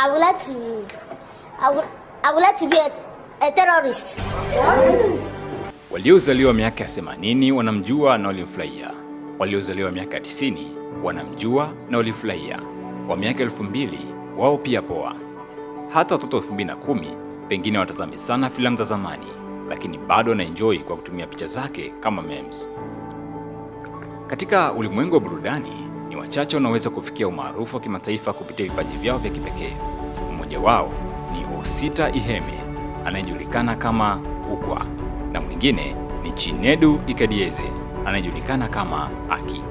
I would like to. I would, I would like to be a, a terrorist. Waliozaliwa miaka ya 80 wanamjua na walimfurahia. Waliozaliwa miaka ya 90 wanamjua na walimfurahia. Wa miaka 2000 wao pia poa. Hata watoto wa 2010 pengine watazame sana filamu za zamani, lakini bado wanaenjoy kwa kutumia picha zake kama memes. Katika ulimwengu wa burudani ni wachache wanaoweza kufikia umaarufu wa kimataifa kupitia vipaji vyao vya kipekee. Mmoja wao ni Osita Iheme anayejulikana kama Ukwa na mwingine ni Chinedu Ikedieze anayejulikana kama Aki.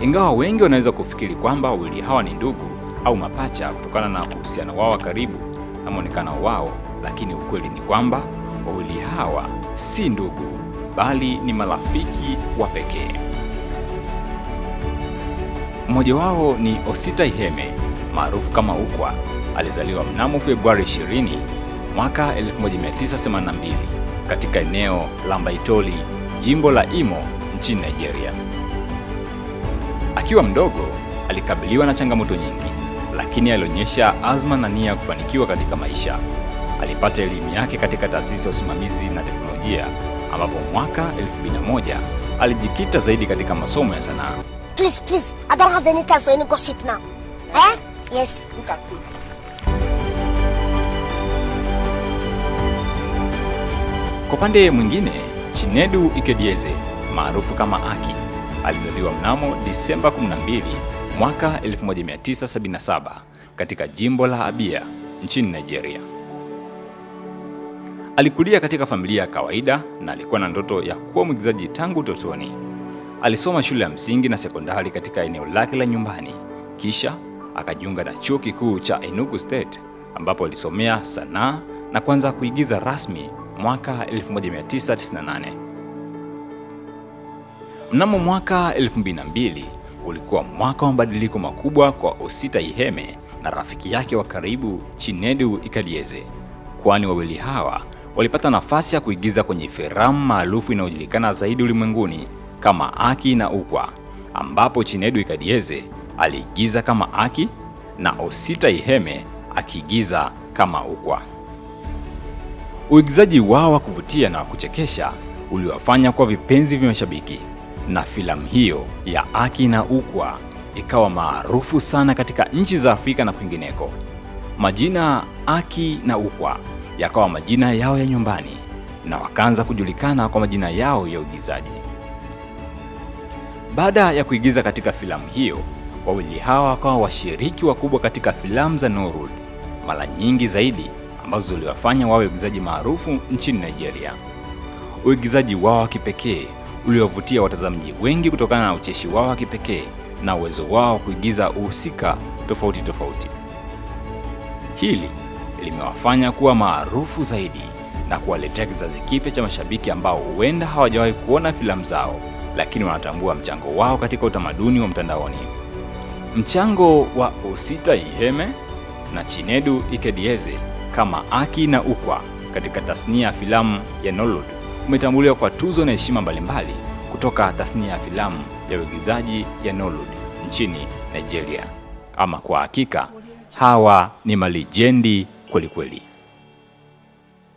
Ingawa wengi wanaweza kufikiri kwamba wawili hawa ni ndugu au mapacha kutokana na uhusiano wao wa karibu na mwonekano wao, lakini ukweli ni kwamba wawili hawa si ndugu bali ni marafiki wa pekee. Mmoja wao ni Osita Iheme maarufu kama Ukwa, alizaliwa mnamo Februari 20 mwaka 1982 katika eneo la Mbaitoli, jimbo la Imo nchini Nigeria. Akiwa mdogo alikabiliwa na changamoto nyingi, lakini alionyesha azma na nia ya kufanikiwa katika maisha. Alipata elimu yake katika taasisi ya usimamizi na teknolojia, ambapo mwaka 2001 alijikita zaidi katika masomo ya sanaa. Please, please, I don't have any time for any gossip now. Eh? Yes. you can see. Kwa upande mwingine, Chinedu Ikedieze maarufu kama Aki alizaliwa mnamo Disemba 12 mwaka 1977 katika jimbo la Abia nchini Nigeria. Alikulia katika familia ya kawaida na alikuwa na ndoto ya kuwa mwigizaji tangu utotoni. Alisoma shule ya msingi na sekondari katika eneo lake la nyumbani, kisha akajiunga na chuo kikuu cha Enugu State ambapo alisomea sanaa na kuanza kuigiza rasmi mwaka 1998. Mnamo mwaka 2002 ulikuwa mwaka wa mabadiliko makubwa kwa Osita Iheme na rafiki yake wa karibu Chinedu Ikalieze, kwani wawili hawa walipata nafasi ya kuigiza kwenye filamu maarufu inayojulikana zaidi ulimwenguni kama Aki na Ukwa, ambapo Chinedu Kadieze aliigiza kama Aki na Osita Iheme akiigiza kama Ukwa. Uigizaji wao wa kuvutia na wa kuchekesha uliwafanya kuwa vipenzi vya mashabiki, na filamu hiyo ya Aki na Ukwa ikawa maarufu sana katika nchi za Afrika na kwingineko. Majina Aki na Ukwa yakawa majina yao ya nyumbani na wakaanza kujulikana kwa majina yao ya uigizaji. Baada ya kuigiza katika filamu hiyo, wawili hawa wakawa washiriki wakubwa katika filamu za Nollywood, mara nyingi zaidi ambazo ziliwafanya wawe waigizaji maarufu nchini Nigeria. Uigizaji wao wa kipekee uliovutia watazamaji wengi kutokana na ucheshi wao wa kipekee na uwezo wao wa kuigiza uhusika tofauti tofauti. Hili limewafanya kuwa maarufu zaidi na kuwaletea kizazi kipya cha mashabiki ambao huenda hawajawahi kuona filamu zao lakini wanatambua mchango wao katika utamaduni wa mtandaoni. Mchango wa Osita Iheme na Chinedu Ikedieze kama Aki na Ukwa katika tasnia ya filamu ya Nollywood umetambuliwa kwa tuzo na heshima mbalimbali kutoka tasnia ya filamu ya uigizaji ya Nollywood nchini Nigeria. Ama kwa hakika hawa ni malijendi kwelikweli.